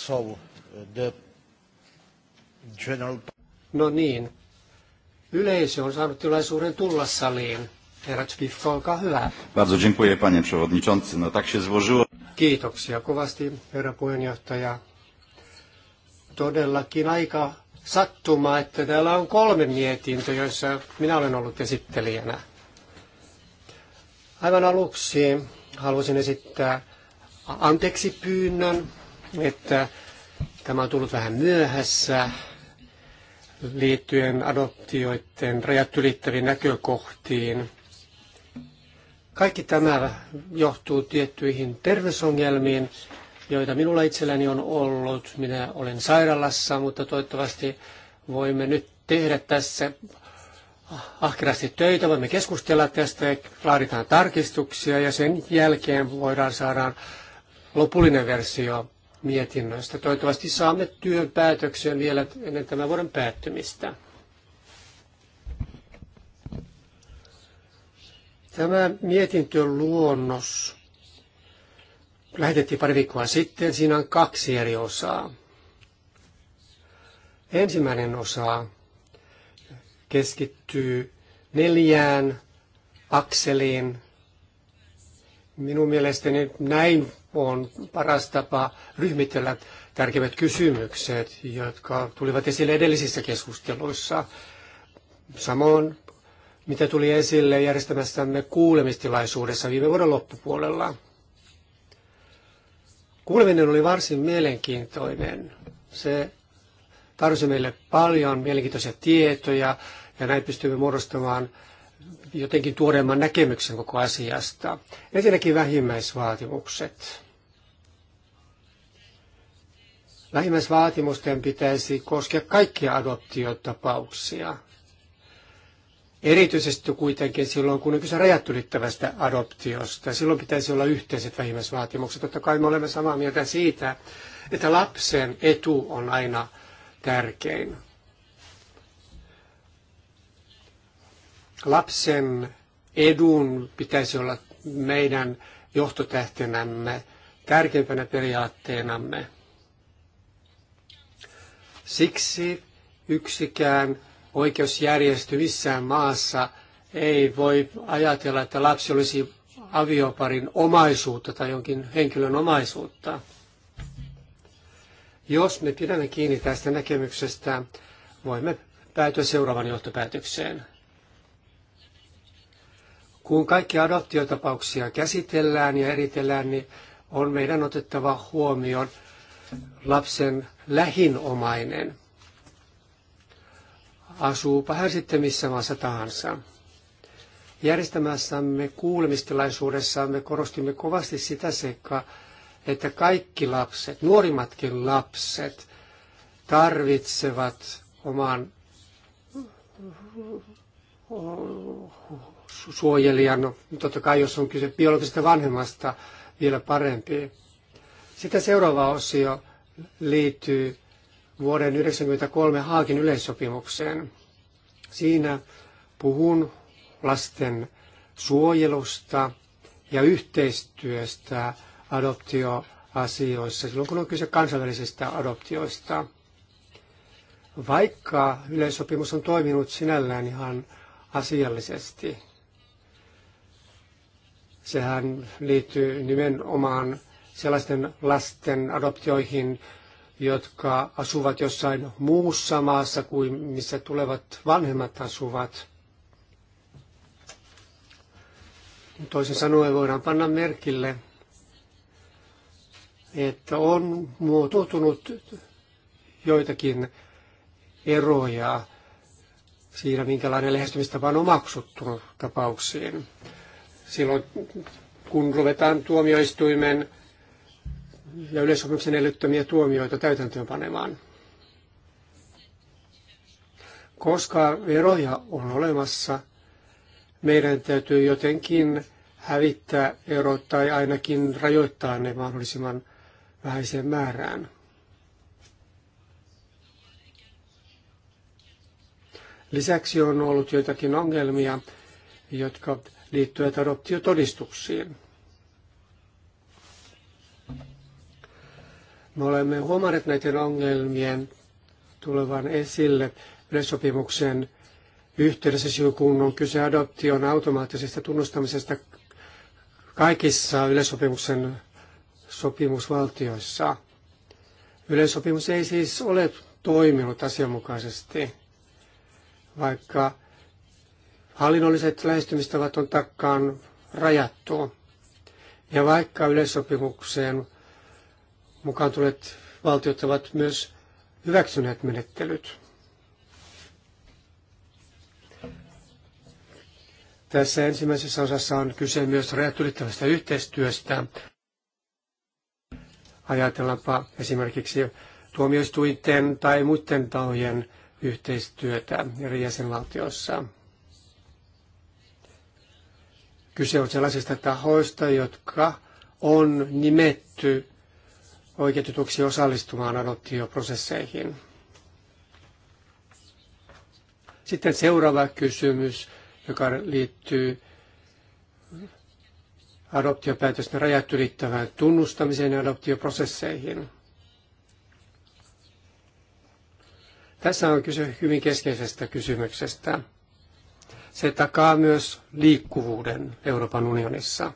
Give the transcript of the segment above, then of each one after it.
So, uh, the general... No niin. Yleisö on saanut tilaisuuden tulla saliin. Herra Czpifko, olkaa hyvä. Bardzo dziękuję, panie przewodniczący. No tak się złożyło. Kiitoksia kovasti, herra puheenjohtaja. Todellakin aika sattuma, että täällä on kolme mietintöä, joissa minä olen ollut esittelijänä. Aivan aluksi haluaisin esittää anteeksi pyynnön että tämä on tullut vähän myöhässä liittyen adoptioiden rajat ylittäviin näkökohtiin. Kaikki tämä johtuu tiettyihin terveysongelmiin, joita minulla itselläni on ollut. Minä olen sairaalassa, mutta toivottavasti voimme nyt tehdä tässä ahkerasti töitä, voimme keskustella tästä, laaditaan tarkistuksia ja sen jälkeen voidaan saada lopullinen versio mietinnöstä. Toivottavasti saamme työn päätöksen vielä ennen tämän vuoden päättymistä. Tämä mietintön luonnos lähetettiin pari viikkoa sitten. Siinä on kaksi eri osaa. Ensimmäinen osa keskittyy neljään akseliin Minun mielestäni näin on paras tapa ryhmitellä tärkeimmät kysymykset, jotka tulivat esille edellisissä keskusteluissa. Samoin, mitä tuli esille järjestämässämme kuulemistilaisuudessa viime vuoden loppupuolella. Kuuleminen oli varsin mielenkiintoinen. Se tarjosi meille paljon mielenkiintoisia tietoja ja näin pystyimme muodostamaan jotenkin tuoreemman näkemyksen koko asiasta. Ensinnäkin vähimmäisvaatimukset. Vähimmäisvaatimusten pitäisi koskea kaikkia adoptiotapauksia. Erityisesti kuitenkin silloin, kun on kyse rajat ylittävästä adoptiosta. Silloin pitäisi olla yhteiset vähimmäisvaatimukset. Totta kai me olemme samaa mieltä siitä, että lapsen etu on aina tärkein. Lapsen edun pitäisi olla meidän johtotähtenämme, tärkeimpänä periaatteenamme. Siksi yksikään oikeusjärjestö missään maassa ei voi ajatella, että lapsi olisi avioparin omaisuutta tai jonkin henkilön omaisuutta. Jos me pidämme kiinni tästä näkemyksestä, voimme päätyä seuraavan johtopäätökseen. Kun kaikki adoptiotapauksia käsitellään ja eritellään, niin on meidän otettava huomioon lapsen lähinomainen. Asuupa hän sitten missä maassa tahansa. Järjestämässämme kuulemistilaisuudessamme korostimme kovasti sitä seikkaa, että kaikki lapset, nuorimmatkin lapset, tarvitsevat oman suojelijan, no, totta kai jos on kyse biologisesta vanhemmasta, vielä parempi. Sitten seuraava osio liittyy vuoden 1993 Haakin yleissopimukseen. Siinä puhun lasten suojelusta ja yhteistyöstä adoptioasioissa, silloin kun on kyse kansainvälisistä adoptioista. Vaikka yleissopimus on toiminut sinällään ihan asiallisesti, Sehän liittyy nimenomaan sellaisten lasten adoptioihin, jotka asuvat jossain muussa maassa kuin missä tulevat vanhemmat asuvat. Toisin sanoen voidaan panna merkille, että on muotoutunut joitakin eroja siinä, minkälainen lähestymistapa on omaksuttu tapauksiin silloin, kun ruvetaan tuomioistuimen ja yleissopimuksen edellyttämiä tuomioita täytäntöönpanemaan. Koska eroja on olemassa, meidän täytyy jotenkin hävittää erot tai ainakin rajoittaa ne mahdollisimman vähäiseen määrään. Lisäksi on ollut joitakin ongelmia, jotka liittyen adoptiotodistuksiin. Me olemme huomanneet näiden ongelmien tulevan esille yleissopimuksen yhteydessä siis kun on kyse adoption automaattisesta tunnustamisesta kaikissa yleissopimuksen sopimusvaltioissa. Yleissopimus ei siis ole toiminut asianmukaisesti, vaikka Hallinnolliset lähestymistavat on takkaan rajattu. Ja vaikka yleissopimukseen mukaan tulleet valtiot ovat myös hyväksyneet menettelyt. Tässä ensimmäisessä osassa on kyse myös rajat ylittävästä yhteistyöstä. Ajatellaanpa esimerkiksi tuomioistuinten tai muiden tahojen yhteistyötä eri jäsenvaltioissa. Kyse on sellaisista tahoista, jotka on nimetty oikeutetuksi osallistumaan adoptioprosesseihin. Sitten seuraava kysymys, joka liittyy adoptiopäätösten rajat ylittävään tunnustamiseen ja adoptioprosesseihin. Tässä on kyse hyvin keskeisestä kysymyksestä. Se takaa myös liikkuvuuden Euroopan unionissa.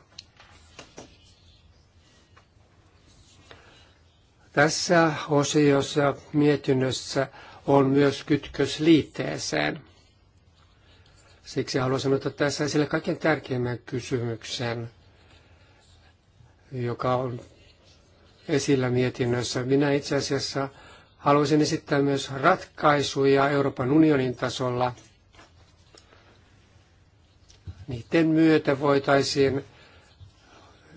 Tässä osiossa mietinnössä on myös kytkös liitteeseen. Siksi haluaisin ottaa tässä esille kaiken tärkeimmän kysymyksen, joka on esillä mietinnössä. Minä itse asiassa haluaisin esittää myös ratkaisuja Euroopan unionin tasolla niiden myötä voitaisiin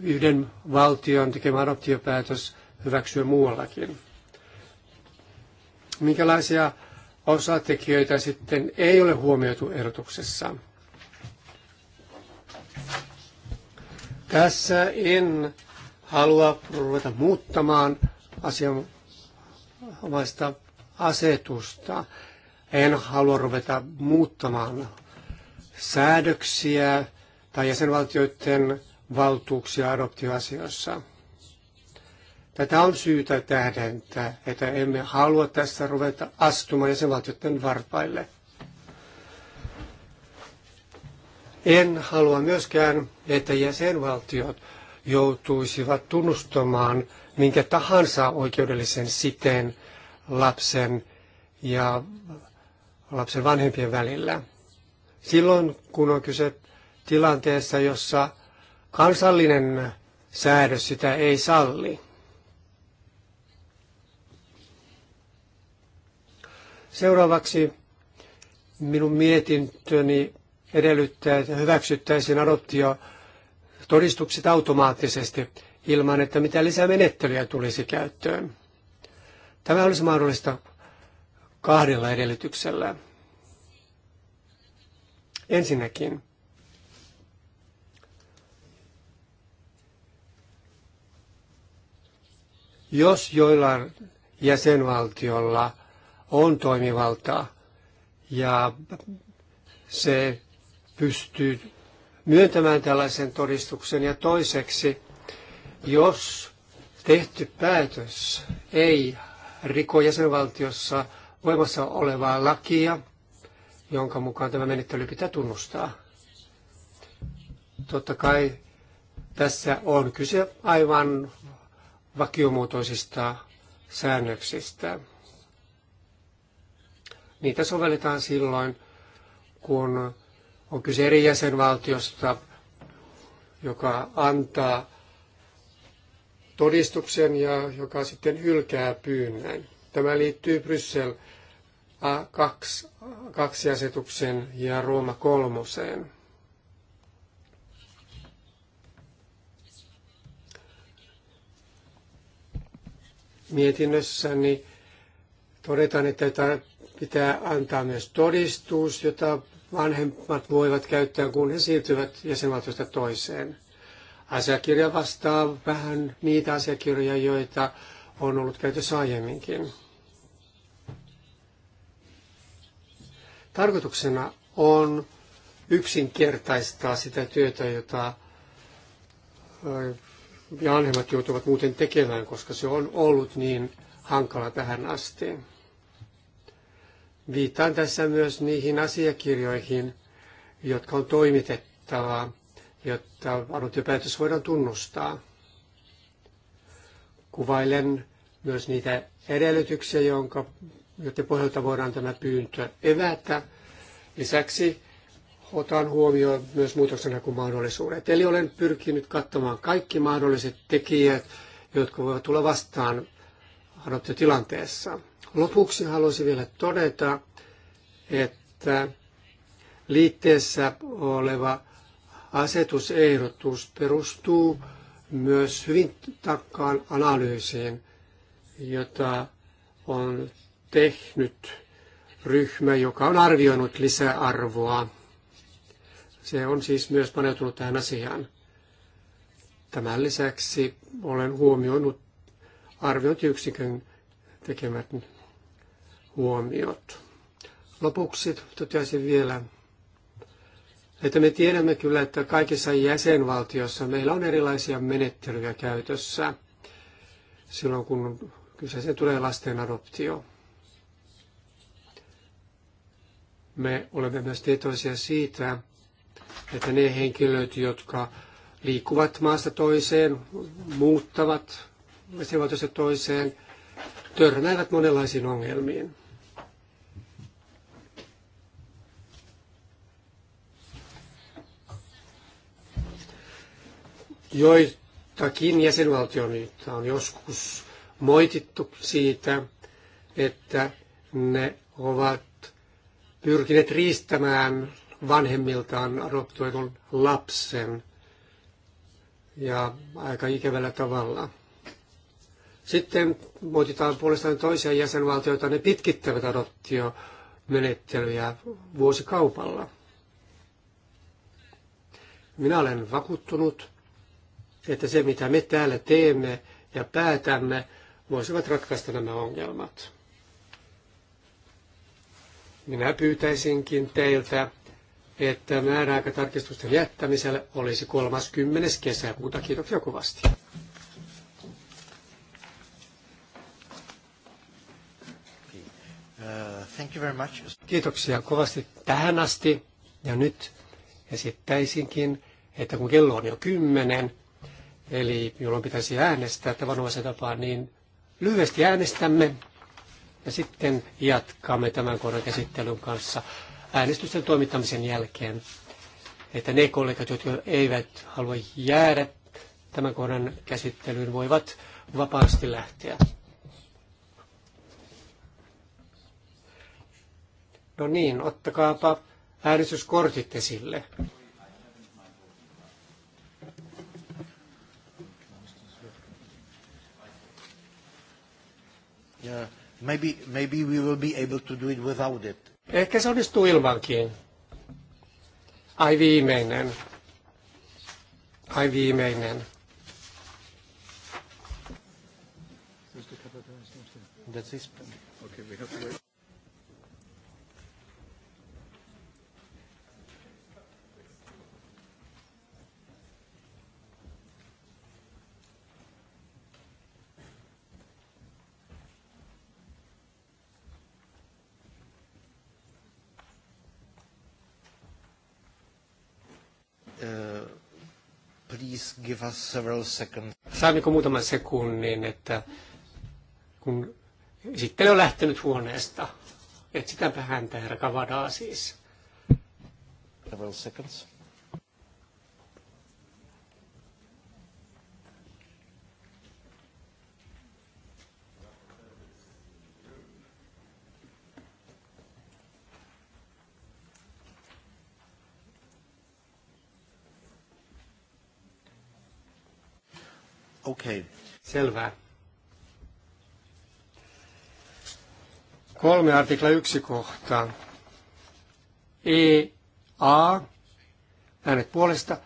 yhden valtion tekemä adoptiopäätös hyväksyä muuallakin. Minkälaisia osatekijöitä sitten ei ole huomioitu erotuksessa? Tässä en halua ruveta muuttamaan asianomaista asetusta. En halua ruveta muuttamaan säädöksiä tai jäsenvaltioiden valtuuksia adoptioasioissa. Tätä on syytä tähdentää, että emme halua tässä ruveta astumaan jäsenvaltioiden varpaille. En halua myöskään, että jäsenvaltiot joutuisivat tunnustamaan minkä tahansa oikeudellisen siteen lapsen ja lapsen vanhempien välillä silloin, kun on kyse tilanteessa, jossa kansallinen säädös sitä ei salli. Seuraavaksi minun mietintöni edellyttää, että hyväksyttäisiin adoptio todistukset automaattisesti ilman, että mitä menettelyjä tulisi käyttöön. Tämä olisi mahdollista kahdella edellytyksellä. Ensinnäkin jos joilla jäsenvaltiolla on toimivaltaa ja se pystyy myöntämään tällaisen todistuksen ja toiseksi, jos tehty päätös ei riko jäsenvaltiossa voimassa olevaa lakia jonka mukaan tämä menettely pitää tunnustaa. Totta kai tässä on kyse aivan vakiomuotoisista säännöksistä. Niitä sovelletaan silloin, kun on kyse eri jäsenvaltiosta, joka antaa todistuksen ja joka sitten hylkää pyynnön. Tämä liittyy Bryssel 2 asetuksen ja Rooma kolmoseen. Mietinnössäni todetaan, että pitää antaa myös todistus, jota vanhemmat voivat käyttää, kun he siirtyvät jäsenvaltiosta toiseen. Asiakirja vastaa vähän niitä asiakirjoja, joita on ollut käytössä aiemminkin. Tarkoituksena on yksinkertaistaa sitä työtä, jota vanhemmat joutuvat muuten tekemään, koska se on ollut niin hankala tähän asti. Viittaan tässä myös niihin asiakirjoihin, jotka on toimitettava, jotta adoptiopäätös voidaan tunnustaa. Kuvailen myös niitä edellytyksiä, jonka joiden pohjalta voidaan tämä pyyntö evätä. Lisäksi otan huomioon myös muutoksenhakumahdollisuudet. Eli olen pyrkinyt katsomaan kaikki mahdolliset tekijät, jotka voivat tulla vastaan adoptiotilanteessa. Lopuksi haluaisin vielä todeta, että liitteessä oleva asetusehdotus perustuu myös hyvin tarkkaan analyysiin, jota on tehnyt ryhmä, joka on arvioinut lisäarvoa. Se on siis myös paneutunut tähän asiaan. Tämän lisäksi olen huomioinut arviointiyksikön tekemät huomiot. Lopuksi toteaisin vielä, että me tiedämme kyllä, että kaikissa jäsenvaltiossa meillä on erilaisia menettelyjä käytössä silloin, kun kyseeseen tulee lasten adoptio. Me olemme myös tietoisia siitä, että ne henkilöt, jotka liikkuvat maasta toiseen, muuttavat jäsenvaltiosta toiseen, törmäävät monenlaisiin ongelmiin. Joitakin jäsenvaltioita on joskus moitittu siitä, että ne ovat pyrkineet riistämään vanhemmiltaan adoptoidun lapsen ja aika ikävällä tavalla. Sitten muotitaan puolestaan toisia jäsenvaltioita, ne pitkittävät adoptiomenettelyjä vuosikaupalla. Minä olen vakuuttunut, että se mitä me täällä teemme ja päätämme, voisivat ratkaista nämä ongelmat. Minä pyytäisinkin teiltä, että määräaikatarkistusten jättämiselle olisi 30. kesäkuuta. Kiitoksia kovasti. Uh, thank you very much. Kiitoksia kovasti tähän asti. Ja nyt esittäisinkin, että kun kello on jo kymmenen, eli jolloin pitäisi äänestää tavanomaisen tapaan, niin lyhyesti äänestämme. Ja sitten jatkamme tämän kohdan käsittelyn kanssa äänestysten toimittamisen jälkeen. Että ne kollegat, jotka eivät halua jäädä tämän kohdan käsittelyyn, voivat vapaasti lähteä. No niin, ottakaapa äänestyskortit esille. Yeah. Maybe, maybe we will be able to do it without it. Ehkä se onnistuu ilmankin. Ai viimeinen. Ai viimeinen. No, That's his. Okay, we have to wait. please give us several seconds. Saimmeko muutaman sekunnin, että kun sitten on lähtenyt huoneesta, etsitäänpä häntä, herra Kavadaa siis. Several seconds. Okay. Selvä. Kolme artikla yksi kohtaa. E, A, äänet puolesta.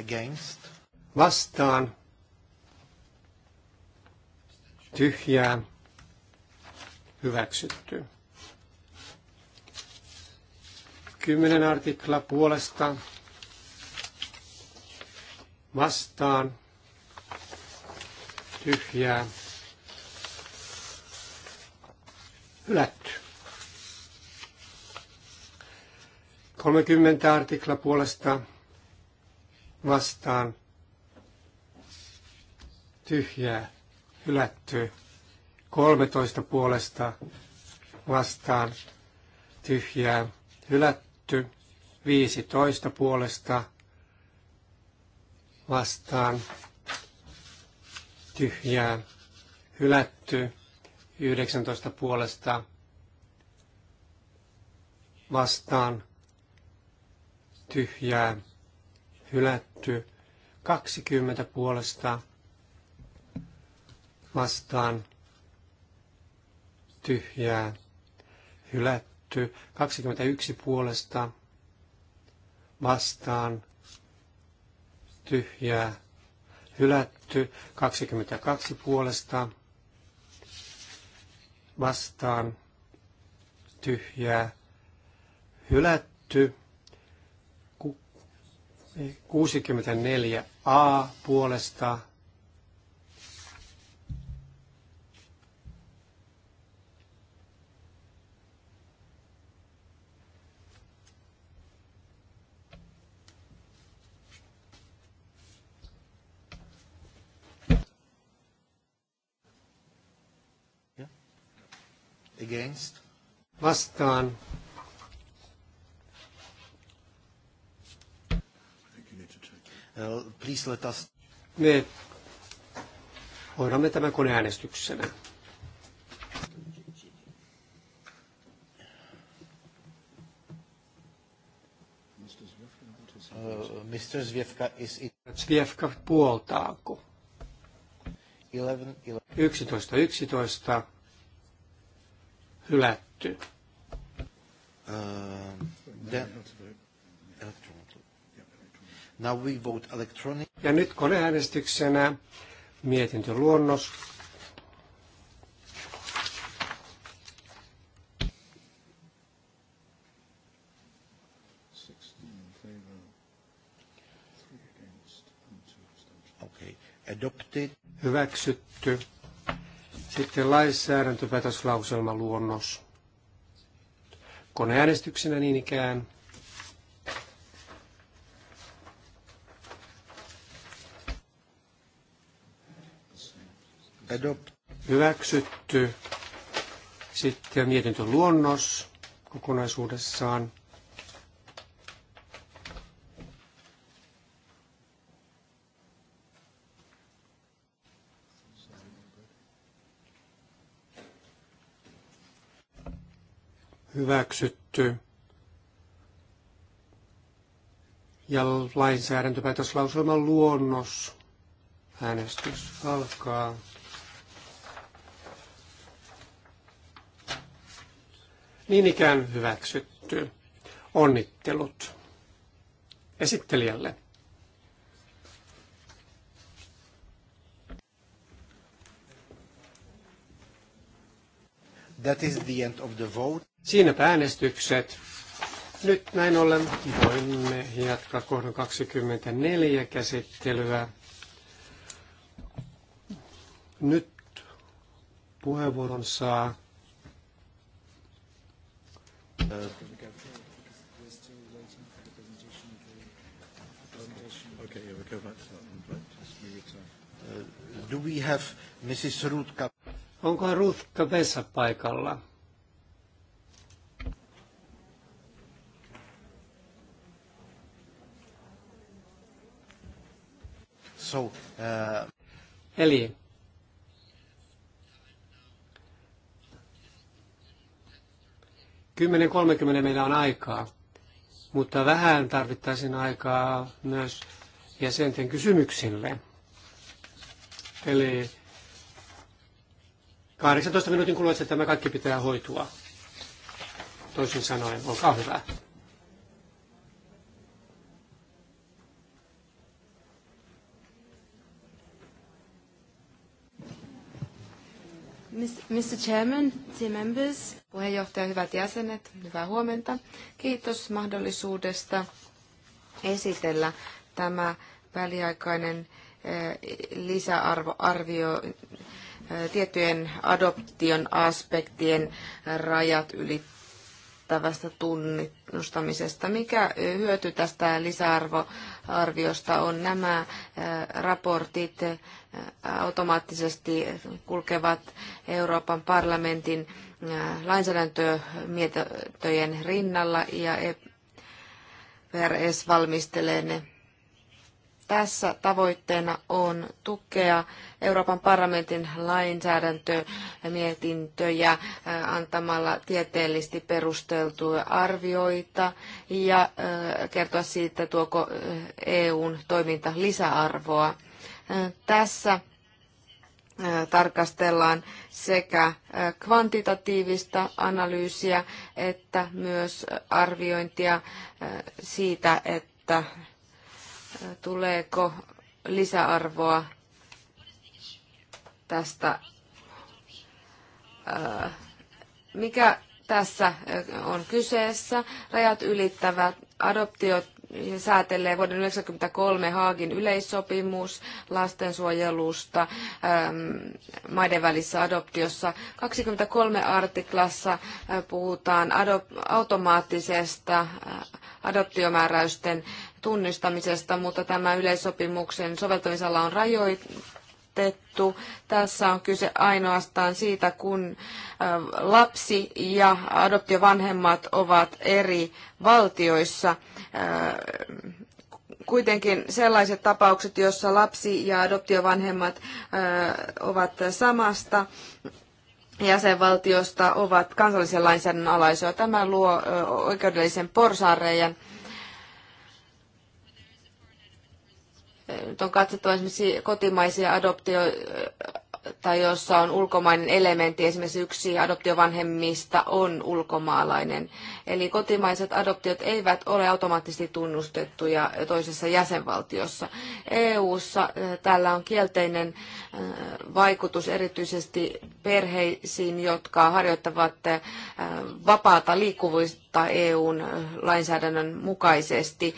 Against. Vastaan. Tyhjää. Hyväksytty. Kymmenen artikla puolesta vastaan tyhjää hylätty. 30 artikla puolesta vastaan tyhjää hylätty. 13 puolesta vastaan tyhjää hylätty hylätty. 15 puolesta vastaan tyhjää hylätty. 19 puolesta vastaan tyhjää hylätty. 20 puolesta vastaan tyhjää hylätty hylätty, 21 puolesta vastaan tyhjää hylätty, 22 puolesta vastaan tyhjää hylätty, 64a puolesta Against. Vastaan. Uh, please let us... Me hoidamme tämän koneäänestyksenä. Uh, Mr. Zviefka is it. Zviefka puoltaako? 11, 11. 11 hylätty. Uh, then... Now we vote electronic. Ja nyt koneäänestyksenä mietintöluonnos. Adopted. Hyväksytty. Sitten lainsäädäntöpäätöslauselman luonnos. Koneäänestyksenä niin ikään. Adopt. Hyväksytty. Sitten mietintö luonnos kokonaisuudessaan. hyväksytty. Ja lainsäädäntöpäätöslauselman luonnos. Äänestys alkaa. Niin ikään hyväksytty. Onnittelut esittelijälle. That is the end of the vote. Siinäpä äänestykset. Nyt näin ollen voimme jatkaa kohdan 24 käsittelyä. Nyt puheenvuoron saa Onko Ruth Cabeza paikalla? So, uh... Eli Kymmenen kolmekymmenen meillä on aikaa, mutta vähän tarvittaisiin aikaa myös jäsenten kysymyksille. Eli 18 minuutin kuluessa tämä kaikki pitää hoitua. Toisin sanoen, olkaa hyvä. Mr. Chairman, dear members. Puheenjohtaja, hyvät jäsenet, hyvää huomenta. Kiitos mahdollisuudesta esitellä tämä väliaikainen eh, lisäarvoarvio eh, tiettyjen adoption aspektien rajat ylittävän riittävästä tunnustamisesta. Mikä hyöty tästä lisäarvoarviosta on? Nämä raportit automaattisesti kulkevat Euroopan parlamentin lainsäädäntömietojen rinnalla ja EPRS valmistelee ne. Tässä tavoitteena on tukea Euroopan parlamentin lainsäädäntömietintöjä äh, antamalla tieteellisesti perusteltuja arvioita ja äh, kertoa siitä, tuoko äh, EUn toiminta lisäarvoa. Tässä tarkastellaan sekä kvantitatiivista analyysiä että myös arviointia siitä, että tuleeko lisäarvoa tästä, mikä tässä on kyseessä. Rajat ylittävät adoptiot säätelee vuoden 1993 Haagin yleissopimus lastensuojelusta maiden välissä adoptiossa. 23 artiklassa puhutaan automaattisesta adoptiomääräysten tunnistamisesta, mutta tämä yleissopimuksen soveltamisala on rajoitettu katettu. Tässä on kyse ainoastaan siitä, kun lapsi ja adoptiovanhemmat ovat eri valtioissa kuitenkin sellaiset tapaukset, joissa lapsi ja adoptiovanhemmat ovat samasta jäsenvaltiosta, ovat kansallisen lainsäädännön alaisia. Tämä luo oikeudellisen porsaanreiän Nyt on katsottu esimerkiksi kotimaisia adoptio, tai jossa on ulkomainen elementti, esimerkiksi yksi adoptiovanhemmista on ulkomaalainen. Eli kotimaiset adoptiot eivät ole automaattisesti tunnustettuja toisessa jäsenvaltiossa. EU-ssa tällä on kielteinen vaikutus erityisesti perheisiin, jotka harjoittavat vapaata liikkuvuutta EUn lainsäädännön mukaisesti.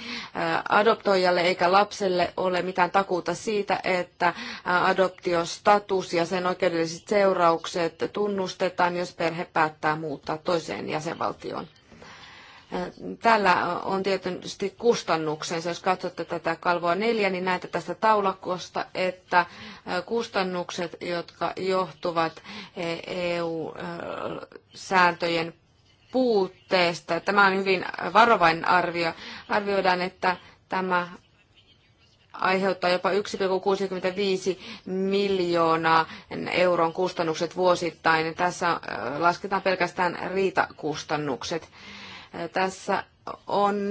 Adoptoijalle eikä lapselle ole mitään takuuta siitä, että adoptiostatus ja ja sen oikeudelliset seuraukset tunnustetaan, jos perhe päättää muuttaa toiseen jäsenvaltioon. Tällä on tietysti kustannuksensa. Jos katsotte tätä kalvoa neljä, niin näette tästä taulakosta, että kustannukset, jotka johtuvat EU-sääntöjen puutteesta, tämä on hyvin varovainen arvio, arvioidaan, että tämä aiheuttaa jopa 1,65 miljoonaa euron kustannukset vuosittain. Tässä äh, lasketaan pelkästään riitakustannukset. Äh, tässä on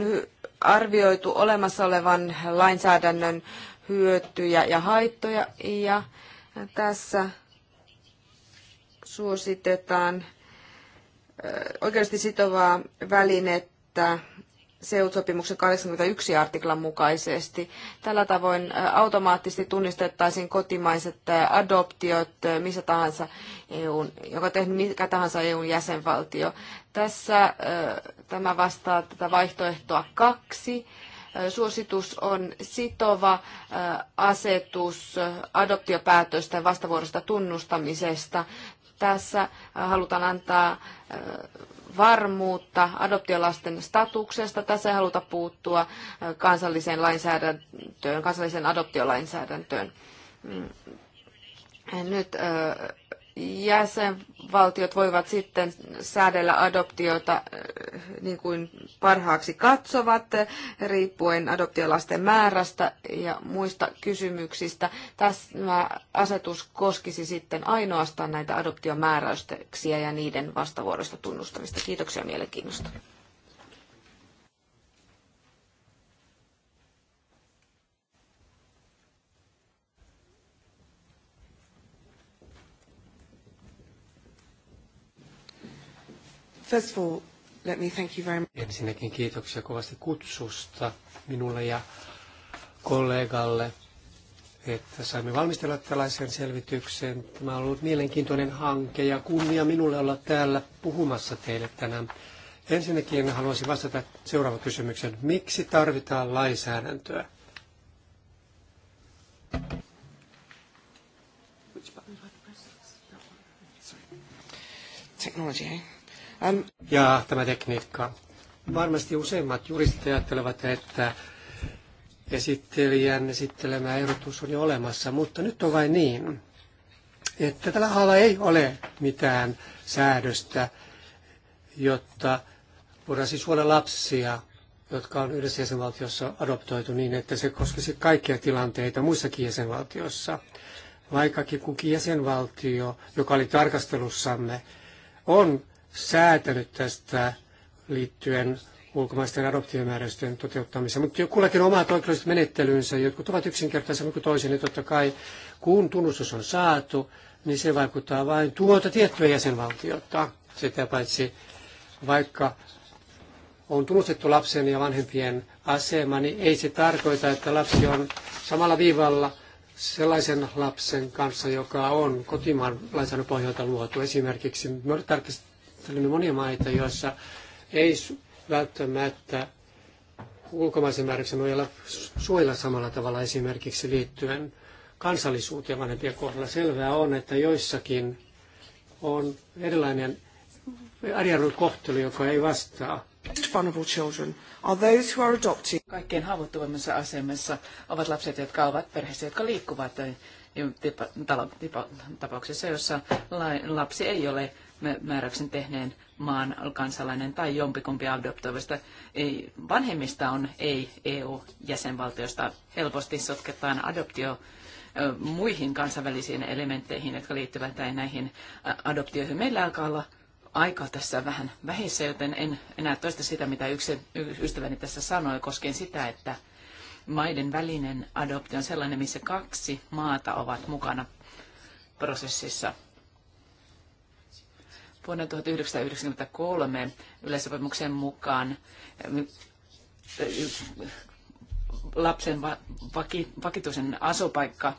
arvioitu olemassa olevan lainsäädännön hyötyjä ja haittoja ja tässä suositetaan äh, oikeasti sitovaa välinettä CEUT-sopimuksen 81 artiklan mukaisesti. Tällä tavoin automaattisesti tunnistettaisiin kotimaiset adoptiot missä tahansa EUn, joka tehnyt mikä tahansa EUn jäsenvaltio. Tässä tämä vastaa tätä vaihtoehtoa kaksi. Suositus on sitova asetus adoptiopäätösten vastavuorosta tunnustamisesta. Tässä halutaan antaa varmuutta adoptiolasten statuksesta. Tässä ei haluta puuttua kansalliseen lainsäädäntöön, kansalliseen adoptiolainsäädäntöön. Mm. Nyt jäsenvaltiot voivat sitten säädellä adoptiota eh, niin kuin parhaaksi katsovat, riippuen adoptiolasten määrästä ja muista kysymyksistä. Tämä asetus koskisi sitten ainoastaan näitä adoptiomääräyksiä ja niiden vastavuoroista tunnustamista. Kiitoksia mielenkiinnosta. First of all, let me thank you very much. Ensinnäkin kiitoksia kovasti kutsusta minulle ja kollegalle, että saimme valmistella tällaisen selvityksen. Tämä on ollut mielenkiintoinen hanke ja kunnia minulle olla täällä puhumassa teille tänään. Ensinnäkin haluaisin vastata seuraavan kysymyksen. Miksi tarvitaan lainsäädäntöä? Technology, eh? Ähm, ja tämä tekniikka. Varmasti useimmat juristit ajattelevat, että esittelijän esittelemä ehdotus on jo olemassa, mutta nyt on vain niin, että tällä alalla ei ole mitään säädöstä, jotta voidaan siis huolella lapsia, jotka on yhdessä jäsenvaltiossa adoptoitu niin, että se koskisi kaikkia tilanteita muissakin jäsenvaltioissa. Vaikkakin kukin jäsenvaltio, joka oli tarkastelussamme, on säätänyt tästä liittyen ulkomaisten adoptiomääräysten toteuttamiseen, mutta kullakin omat oikeudelliset menettelynsä, jotkut ovat yksinkertaisemmin kuin toisen, niin totta kai kun tunnustus on saatu, niin se vaikuttaa vain tuota tiettyä jäsenvaltiota. Sitä paitsi vaikka on tunnustettu lapsen ja vanhempien asema, niin ei se tarkoita, että lapsi on samalla viivalla sellaisen lapsen kanssa, joka on kotimaan lainsäädännön pohjalta luotu. Esimerkiksi me tarkastelemme monia maita, joissa ei välttämättä ulkomaisen määräyksen nojalla suojella samalla tavalla esimerkiksi liittyen kansallisuuteen vanhempien kohdalla. Selvää on, että joissakin on erilainen kohtelu, joka ei vastaa Kaikkein haavoittuvimmassa asemassa ovat lapset, jotka ovat perheessä, jotka liikkuvat eh, tapauksessa, jossa lapsi ei ole määräyksen tehneen maan kansalainen tai jompikumpi adoptoivista vanhemmista on ei-EU-jäsenvaltiosta. Helposti sotketaan adoptio muihin kansainvälisiin elementteihin, jotka liittyvät näihin adoptioihin. Meillä alkaa olla aika tässä vähän vähissä, joten en enää toista sitä, mitä yksi ystäväni tässä sanoi, koskien sitä, että maiden välinen adoptio on sellainen, missä kaksi maata ovat mukana prosessissa. Vuonna 1993 yleissopimuksen mukaan lapsen va- vakituisen asupaikka,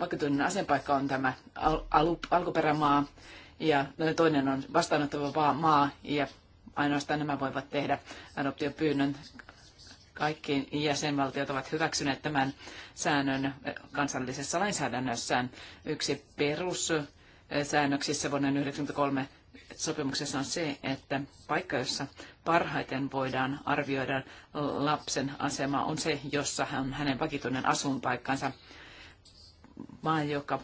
vakituinen asenpaikka on tämä al- alkuperämaa, ja no, toinen on vastaanottava maa ja ainoastaan nämä voivat tehdä adoptiopyynnön. Kaikki jäsenvaltiot ovat hyväksyneet tämän säännön kansallisessa lainsäädännössään. Yksi perussäännöksissä vuonna 1993 sopimuksessa on se, että paikka, jossa parhaiten voidaan arvioida lapsen asema, on se, jossa on hänen vakituinen asuinpaikkansa. Maa, joka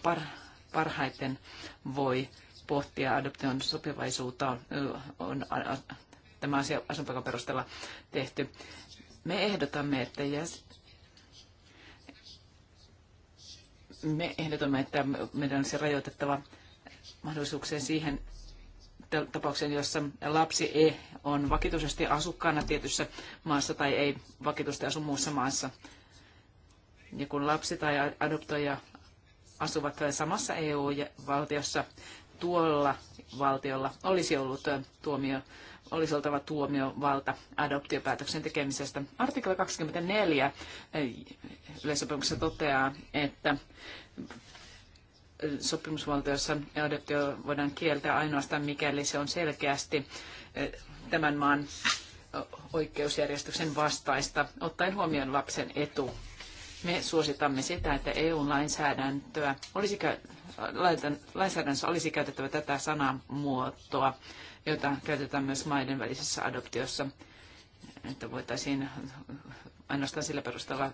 parhaiten voi pohtia adoption sopivaisuutta on, on äh, äh, tämä asia asunpaikan perusteella tehty. Me ehdotamme, että jäs... me ehdotamme, että meidän olisi rajoitettava mahdollisuuksien siihen tapaukseen, jossa lapsi ei on vakituisesti asukkaana tietyssä maassa tai ei vakituisesti asu muussa maassa. Ja kun lapsi tai adoptoija asuvat samassa EU-valtiossa, tuolla valtiolla olisi ollut tuomio, olisi oltava tuomiovalta adoptiopäätöksen tekemisestä. Artikla 24 yleissopimuksessa toteaa, että sopimusvaltiossa adoptio voidaan kieltää ainoastaan, mikäli se on selkeästi tämän maan oikeusjärjestyksen vastaista, ottaen huomioon lapsen etu. Me suositamme sitä, että EU-lainsäädäntöä olisi lainsäädännössä olisi käytettävä tätä sanamuotoa, jota käytetään myös maiden välisessä adoptiossa, että voitaisiin ainoastaan sillä perusteella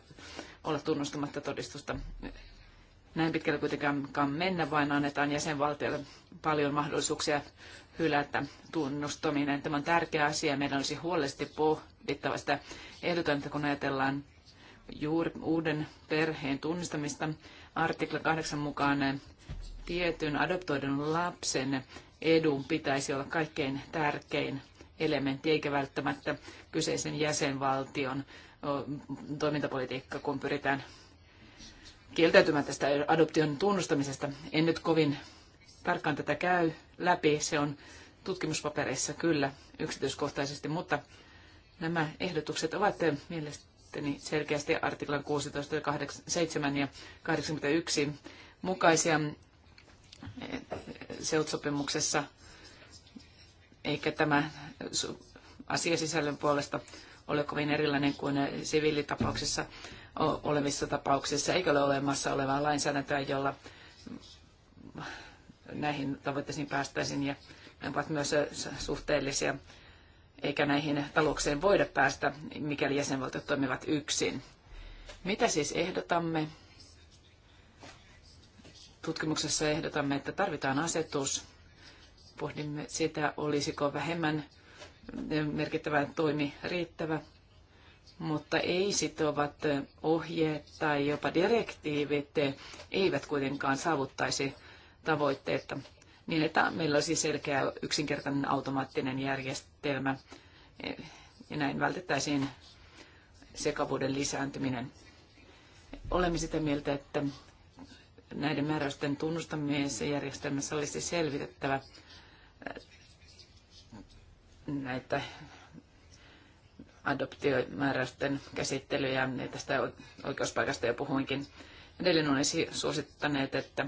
olla tunnustamatta todistusta. Näin pitkälle kuitenkaan mennä, vaan annetaan jäsenvaltiolle paljon mahdollisuuksia hylätä tunnustaminen. Tämä on tärkeä asia. Meidän olisi huolesti pohdittava sitä ehdotonta, kun ajatellaan juuri uuden perheen tunnistamista artikla 8 mukaan tietyn adoptoidun lapsen edun pitäisi olla kaikkein tärkein elementti, eikä välttämättä kyseisen jäsenvaltion toimintapolitiikka, kun pyritään kieltäytymään tästä adoption tunnustamisesta. En nyt kovin tarkkaan tätä käy läpi, se on tutkimuspapereissa kyllä yksityiskohtaisesti, mutta nämä ehdotukset ovat mielestäni mielestäni selkeästi artiklan 16, 7 ja 81 mukaisia eh, seutsopimuksessa, eikä tämä asiasisällön puolesta ole kovin erilainen kuin siviilitapauksessa olevissa tapauksissa, eikä ole olemassa olevaa lainsäädäntöä, jolla näihin tavoitteisiin päästäisiin ja ne ovat myös eh, suhteellisia eikä näihin taloukseen voida päästä, mikäli jäsenvaltiot toimivat yksin. Mitä siis ehdotamme? Tutkimuksessa ehdotamme, että tarvitaan asetus. Pohdimme sitä, olisiko vähemmän merkittävä toimi riittävä, mutta ei sitovat ohjeet tai jopa direktiivit eivät kuitenkaan saavuttaisi tavoitteita niin että meillä olisi selkeä yksinkertainen automaattinen järjestelmä ja näin vältettäisiin sekavuuden lisääntyminen. Olemme sitä mieltä, että näiden määräysten tunnustamisessa järjestelmässä olisi selvitettävä äh, näitä adoptiomääräysten käsittelyjä, ja tästä oikeuspaikasta jo puhuinkin. Edelleen olisi suosittaneet, että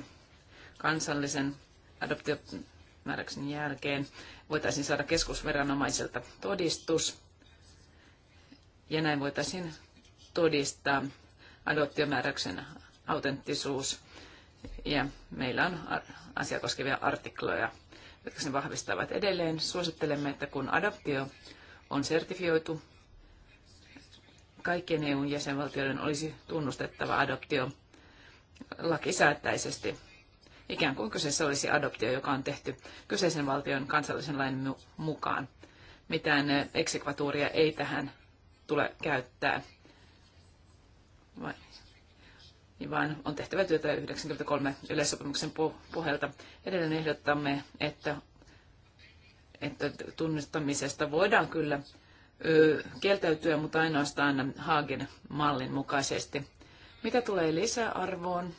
kansallisen adoptiomääräyksen jälkeen voitaisiin saada keskusveranomaiselta todistus. Ja näin voitaisiin todistaa adoptiomääräyksen autenttisuus. Ja meillä on asia koskevia artikloja, jotka sen vahvistavat edelleen. Suosittelemme, että kun adoptio on sertifioitu, kaikkien eu jäsenvaltioiden olisi tunnustettava adoptio lakisääteisesti ikään kuin kyseessä olisi adoptio, joka on tehty kyseisen valtion kansallisen lain mukaan. Mitään eh, eksekvatuuria ei tähän tule käyttää, niin vaan on tehtävä työtä 93 yleissopimuksen puhelta. Edelleen ehdottamme, että, että tunnistamisesta voidaan kyllä kieltäytyä, mutta ainoastaan Haagen mallin mukaisesti. Mitä tulee lisäarvoon,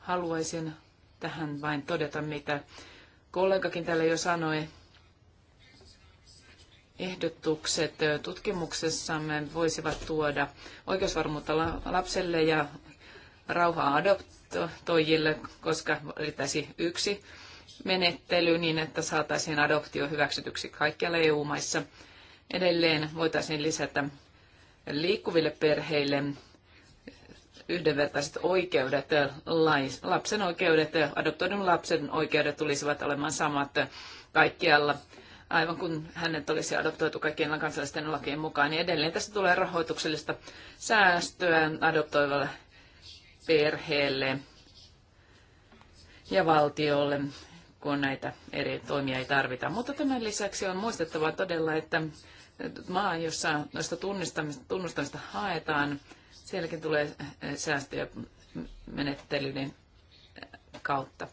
haluaisin tähän vain todeta, mitä kollegakin täällä jo sanoi. Ehdotukset tutkimuksessamme voisivat tuoda oikeusvarmuutta lapselle ja rauhaa adoptoijille, koska riittäisi yksi menettely niin, että saataisiin adoptio hyväksytyksi kaikkialla EU-maissa. Edelleen voitaisiin lisätä liikkuville perheille yhdenvertaiset oikeudet, lapsen oikeudet, adoptoidun lapsen oikeudet tulisivat olemaan samat kaikkialla aivan kun hänet olisi adoptoitu kaikkien kansallisten lakien mukaan, niin edelleen tästä tulee rahoituksellista säästöä adoptoivalle perheelle ja valtiolle, kun näitä eri toimia ei tarvita. Mutta tämän lisäksi on muistettava todella, että maa, jossa noista tunnustamista haetaan, Sielläkin tulee eh, eh, säästöjä menettelyiden kautta.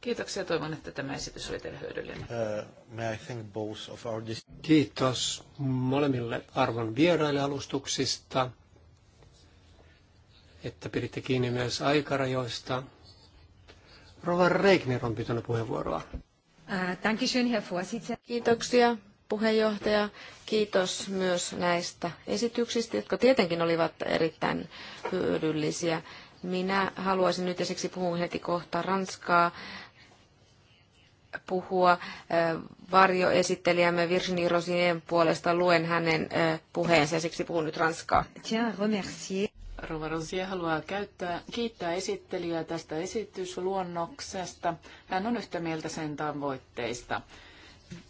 Kiitoksia. Toivon, että tämä esitys oli teille hyödyllinen. Uh, our... Kiitos molemmille arvon vieraille alustuksista, että piditte kiinni myös aikarajoista. Rova Reikner on pitänyt puheenvuoroa. Uh, Herr Kiitoksia puheenjohtaja. Kiitos myös näistä esityksistä, jotka tietenkin olivat erittäin hyödyllisiä. Minä haluaisin nyt, ja siksi puhun heti kohta Ranskaa, puhua varjoesittelijämme Virginie Rosien puolesta. Luen hänen puheensa ja siksi puhun nyt Ranskaa. Rova Rosia haluaa käyttää, kiittää esittelijää tästä esitysluonnoksesta. Hän on yhtä mieltä sen tavoitteista.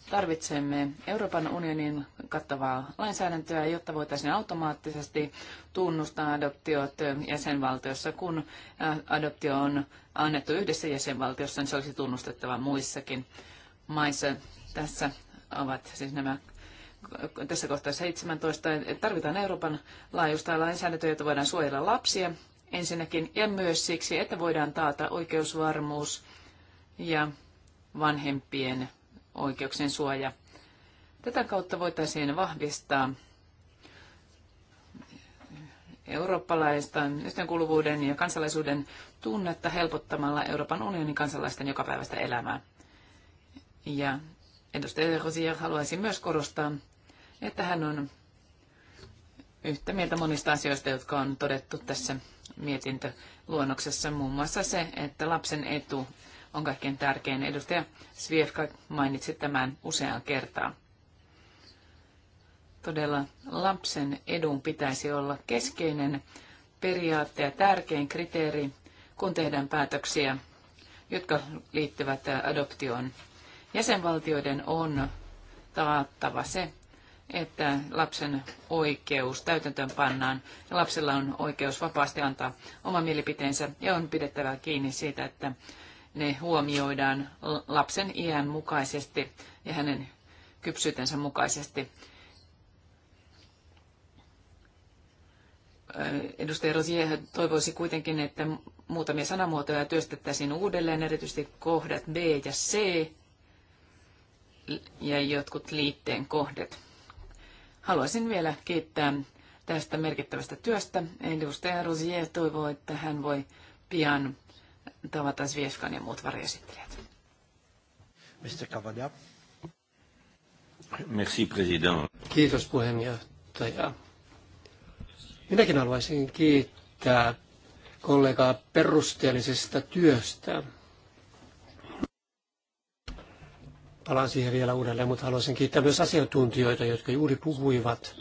Tarvitsemme Euroopan unionin kattavaa lainsäädäntöä, jotta voitaisiin automaattisesti tunnustaa adoptiot jäsenvaltiossa. Kun äh, adoptio on annettu yhdessä jäsenvaltiossa, niin se olisi tunnustettava muissakin maissa. Tässä ovat siis nämä tässä kohtaa 17. Tarvitaan Euroopan laajuista lainsäädäntöä, jotta voidaan suojella lapsia ensinnäkin ja myös siksi, että voidaan taata oikeusvarmuus ja vanhempien oikeuksien suoja. Tätä kautta voitaisiin vahvistaa eurooppalaisten yhteenkuuluvuuden ja kansalaisuuden tunnetta helpottamalla Euroopan unionin kansalaisten jokapäiväistä elämää. Ja edustaja Rosier haluaisi myös korostaa, että hän on yhtä mieltä monista asioista, jotka on todettu tässä mietintöluonnoksessa, muun muassa se, että lapsen etu on kaikkein tärkein. Edustaja Svievka mainitsi tämän useaan kertaan. Todella lapsen edun pitäisi olla keskeinen periaatte ja tärkein kriteeri, kun tehdään päätöksiä, jotka liittyvät adoptioon. Jäsenvaltioiden on taattava se, että lapsen oikeus täytäntöön pannaan ja lapsella on oikeus vapaasti antaa oma mielipiteensä ja on pidettävä kiinni siitä, että ne huomioidaan lapsen iän mukaisesti ja hänen kypsyytensä mukaisesti. Edustaja Rosier toivoisi kuitenkin, että muutamia sanamuotoja työstettäisiin uudelleen, erityisesti kohdat B ja C ja jotkut liitteen kohdat. Haluaisin vielä kiittää tästä merkittävästä työstä. Edustaja Rosier toivoo, että hän voi pian tavataan Zvieskan ja muut varjoesittelijät. Mr. Kavada. Merci, president. Kiitos puheenjohtaja. Minäkin haluaisin kiittää kollegaa perusteellisesta työstä. Palaan siihen vielä uudelleen, mutta haluaisin kiittää myös asiantuntijoita, jotka juuri puhuivat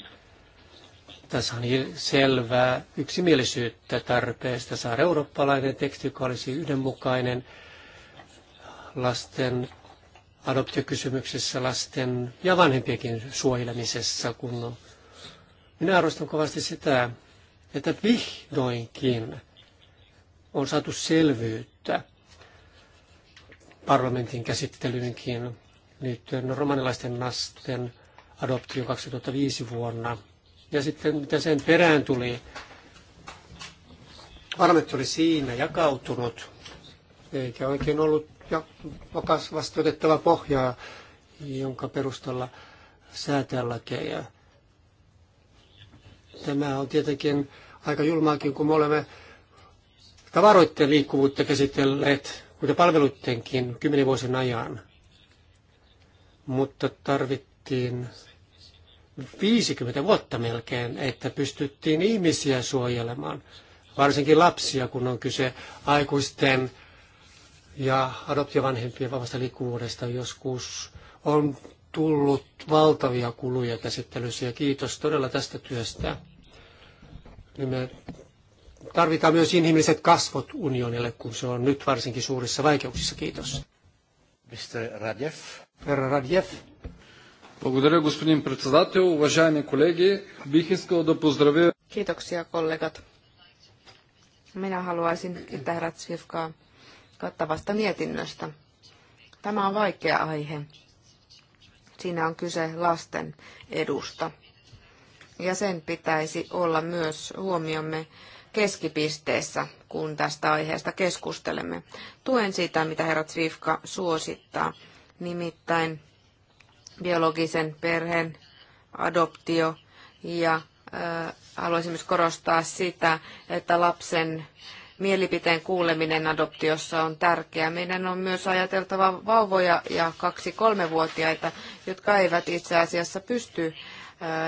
tässä on selvää yksimielisyyttä tarpeesta saada eurooppalainen teksti, joka olisi yhdenmukainen lasten adoptiokysymyksessä, lasten ja vanhempienkin suojelemisessa. Kun Minä arvostan kovasti sitä, että vihdoinkin on saatu selvyyttä parlamentin käsittelyynkin liittyen romanilaisten lasten adoptio 2005 vuonna – ja sitten mitä sen perään tuli, armet oli siinä jakautunut, eikä oikein ollut vakavasti otettava pohjaa, jonka perustalla säätää lakeja. Tämä on tietenkin aika julmaakin, kun me olemme tavaroiden liikkuvuutta käsitelleet, kuten palveluidenkin, kymmenen vuosien ajan. Mutta tarvittiin 50 vuotta melkein, että pystyttiin ihmisiä suojelemaan, varsinkin lapsia, kun on kyse aikuisten ja adoptiovanhempien vapaasta liikkuvuudesta. Joskus on tullut valtavia kuluja käsittelyssä ja kiitos todella tästä työstä. Niin me tarvitaan myös inhimilliset kasvot unionille, kun se on nyt varsinkin suurissa vaikeuksissa. Kiitos. Mr. Radjev. Herra Radjev. Благодаря, господин председател. Уважаеми колеги, бих искал да поздравя... Kiitoksia, kollegat. Minä haluaisin kiittää Ratsvivkaa kattavasta mietinnöstä. Tämä on vaikea aihe. Siinä on kyse lasten edusta. Ja sen pitäisi olla myös huomiomme keskipisteessä, kun tästä aiheesta keskustelemme. Tuen sitä, mitä herra Zwifka suosittaa, nimittäin biologisen perheen adoptio ja haluaisin myös korostaa sitä, että lapsen mielipiteen kuuleminen adoptiossa on tärkeää. Meidän on myös ajateltava vauvoja ja kaksi-kolmevuotiaita, jotka eivät itse asiassa pysty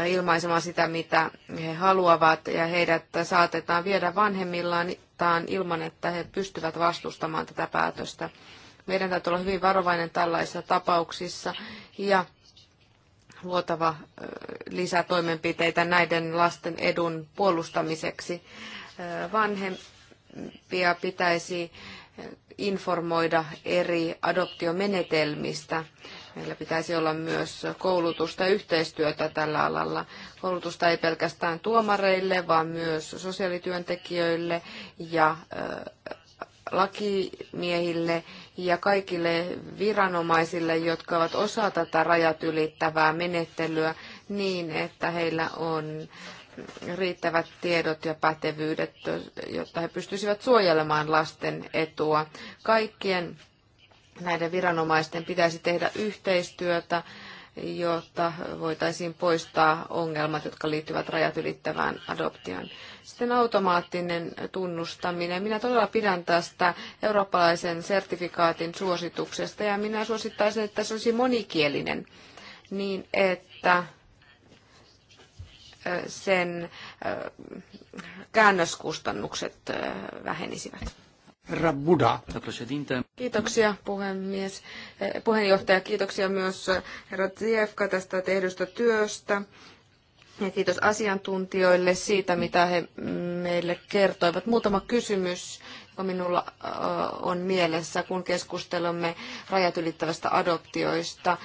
ilmaisemaan sitä, mitä he haluavat, ja heidät saatetaan viedä vanhemmillaan ilman, että he pystyvät vastustamaan tätä päätöstä. Meidän täytyy olla hyvin varovainen tällaisissa tapauksissa, ja luotava lisätoimenpiteitä näiden lasten edun puolustamiseksi. Vanhempia pitäisi informoida eri adoptiomenetelmistä. Meillä pitäisi olla myös koulutusta ja yhteistyötä tällä alalla. Koulutusta ei pelkästään tuomareille, vaan myös sosiaalityöntekijöille ja lakimiehille ja kaikille viranomaisille, jotka ovat osa tätä rajat ylittävää menettelyä niin, että heillä on riittävät tiedot ja pätevyydet, jotta he pystyisivät suojelemaan lasten etua. Kaikkien näiden viranomaisten pitäisi tehdä yhteistyötä, jotta voitaisiin poistaa ongelmat, jotka liittyvät rajat ylittävään adoptioon. Sitten automaattinen tunnustaminen. Minä todella pidän tästä eurooppalaisen sertifikaatin suosituksesta ja minä suosittaisin, että se olisi monikielinen niin, että sen käännöskustannukset vähenisivät. Herra Buda. Kiitoksia puhemies. Puheenjohtaja, kiitoksia myös herra Tsiefka tästä tehdystä työstä. Ja kiitos asiantuntijoille siitä, mitä he meille kertoivat. Muutama kysymys, joka minulla on mielessä, kun keskustelemme rajat ylittävästä adoptioista.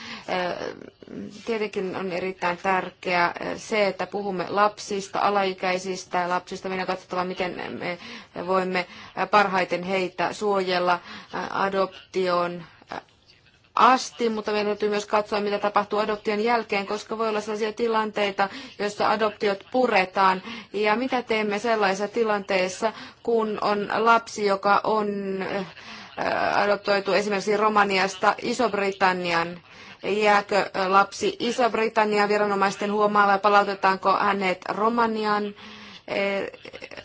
Tietenkin on erittäin tärkeää se, että puhumme lapsista, alaikäisistä lapsista. Meidän katsottava, miten me voimme parhaiten heitä suojella adoptioon asti, mutta meidän täytyy myös katsoa, mitä tapahtuu adoption jälkeen, koska voi olla sellaisia tilanteita, joissa adoptiot puretaan. Ja mitä teemme sellaisessa tilanteessa, kun on lapsi, joka on äh, adoptoitu esimerkiksi Romaniasta Iso-Britannian jääkö lapsi Iso-Britannian viranomaisten huomaa vai palautetaanko hänet Romaniaan Eh,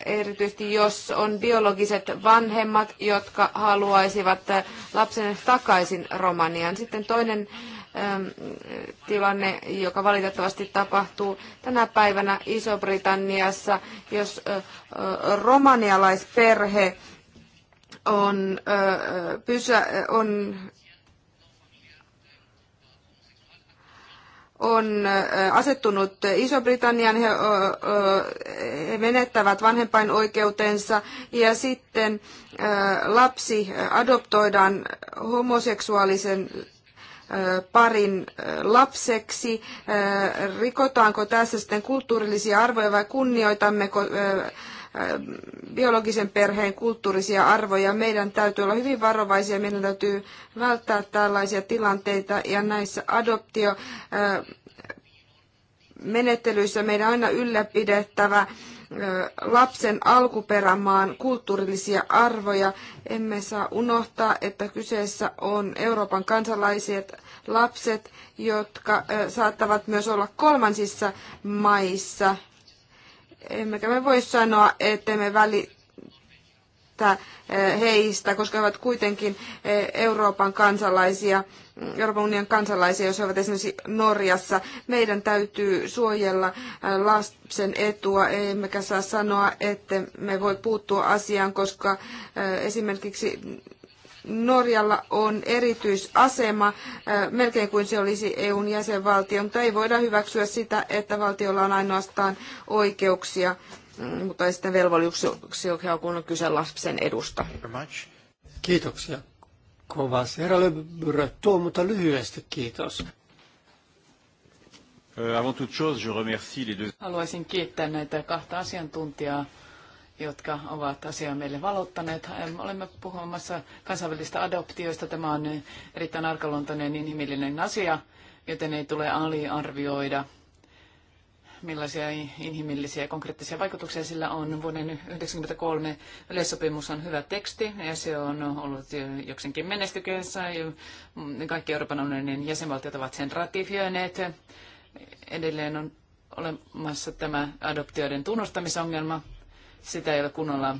erityisesti jos on biologiset vanhemmat, jotka haluaisivat eh, lapsen takaisin Romaniaan. Sitten toinen ehm, tilanne, joka valitettavasti tapahtuu tänä päivänä Iso-Britanniassa, jos eh, romanialaisperhe on, pysä, on on asettunut Iso-Britannian, he, he menettävät vanhempainoikeutensa ja sitten lapsi adoptoidaan homoseksuaalisen parin lapseksi. Rikotaanko tässä sitten kulttuurillisia arvoja vai kunnioitammeko biologisen perheen kulttuurisia arvoja. Meidän täytyy olla hyvin varovaisia, meidän täytyy välttää tällaisia tilanteita ja näissä adoptio menettelyissä meidän on aina ylläpidettävä lapsen alkuperämaan kulttuurillisia arvoja. Emme saa unohtaa, että kyseessä on Euroopan kansalaiset lapset, jotka saattavat myös olla kolmansissa maissa – Emmekä me voi sanoa, että me välitä eh, heistä, koska he ovat kuitenkin eh, Euroopan kansalaisia, mm, Euroopan unionin kansalaisia, jos he ovat esimerkiksi Norjassa. Meidän täytyy suojella eh, lapsen etua, emmekä saa sanoa, että me voi puuttua asiaan, koska esimerkiksi Norjalla on erityisasema, äh, melkein kuin se olisi EUn jäsenvaltio, mutta ei voida hyväksyä sitä, että valtiolla on ainoastaan oikeuksia, mm, mutta ei sitten velvollisuuksia, kun on kyse lapsen edusta. Kiitoksia kovasti. Herra tuo mutta lyhyesti kiitos. Euh, Haluaisin kiittää näitä kahta asiantuntijaa jotka ovat asiaa meille valottaneet. Olemme puhumassa kansainvälistä adoptioista. Tämä on erittäin arkaluontoinen inhimillinen asia, joten ei tule aliarvioida millaisia inhimillisiä ja konkreettisia vaikutuksia sillä on. Vuoden 1993 yleissopimus on hyvä teksti ja se on ollut joksenkin menestykeessä. Kaikki Euroopan unionin jäsenvaltiot ovat sen ratifioineet. Edelleen on olemassa tämä adoptioiden tunnustamisongelma. Sitä ei ole kunnolla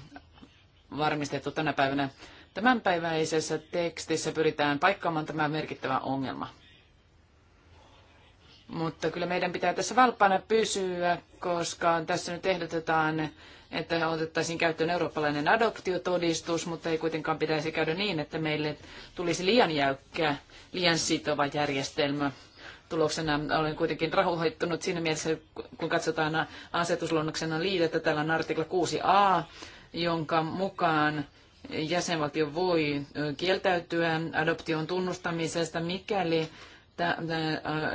varmistettu tänä päivänä. Tämänpäiväisessä tekstissä pyritään paikkaamaan tämä merkittävä ongelma. Mutta kyllä meidän pitää tässä valppaana pysyä, koska tässä nyt ehdotetaan, että otettaisiin käyttöön eurooppalainen adoptiotodistus, mutta ei kuitenkaan pitäisi käydä niin, että meille tulisi liian jäykkä, liian sitova järjestelmä tuloksena olen kuitenkin rahoittunut siinä mielessä, kun katsotaan asetusluonnoksena liitettä, täällä on artikla 6a, jonka mukaan jäsenvaltio voi kieltäytyä adoption tunnustamisesta, mikäli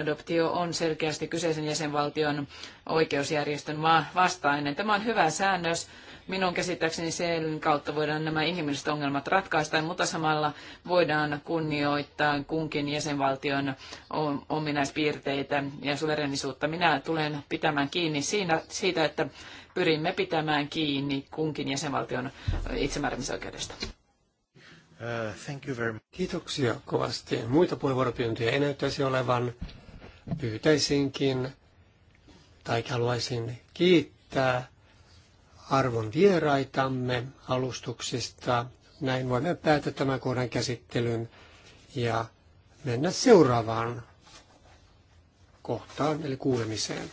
adoptio on selkeästi kyseisen jäsenvaltion oikeusjärjestön vastainen. Tämä on hyvä säännös Minun käsittääkseni sen kautta voidaan nämä inhimilliset ongelmat ratkaista, mutta samalla voidaan kunnioittaa kunkin jäsenvaltion ominaispiirteitä ja suverenisuutta. Minä tulen pitämään kiinni siinä, siitä, että pyrimme pitämään kiinni kunkin jäsenvaltion itsemääräämisoikeudesta. Uh, thank you very much. Kiitoksia kovasti. Muita puheenvuoropyyntöjä ei näyttäisi olevan. Pyytäisinkin tai haluaisin kiittää arvon vieraitamme alustuksista. Näin voimme päätä tämän kohdan käsittelyn ja mennä seuraavaan kohtaan, eli kuulemiseen.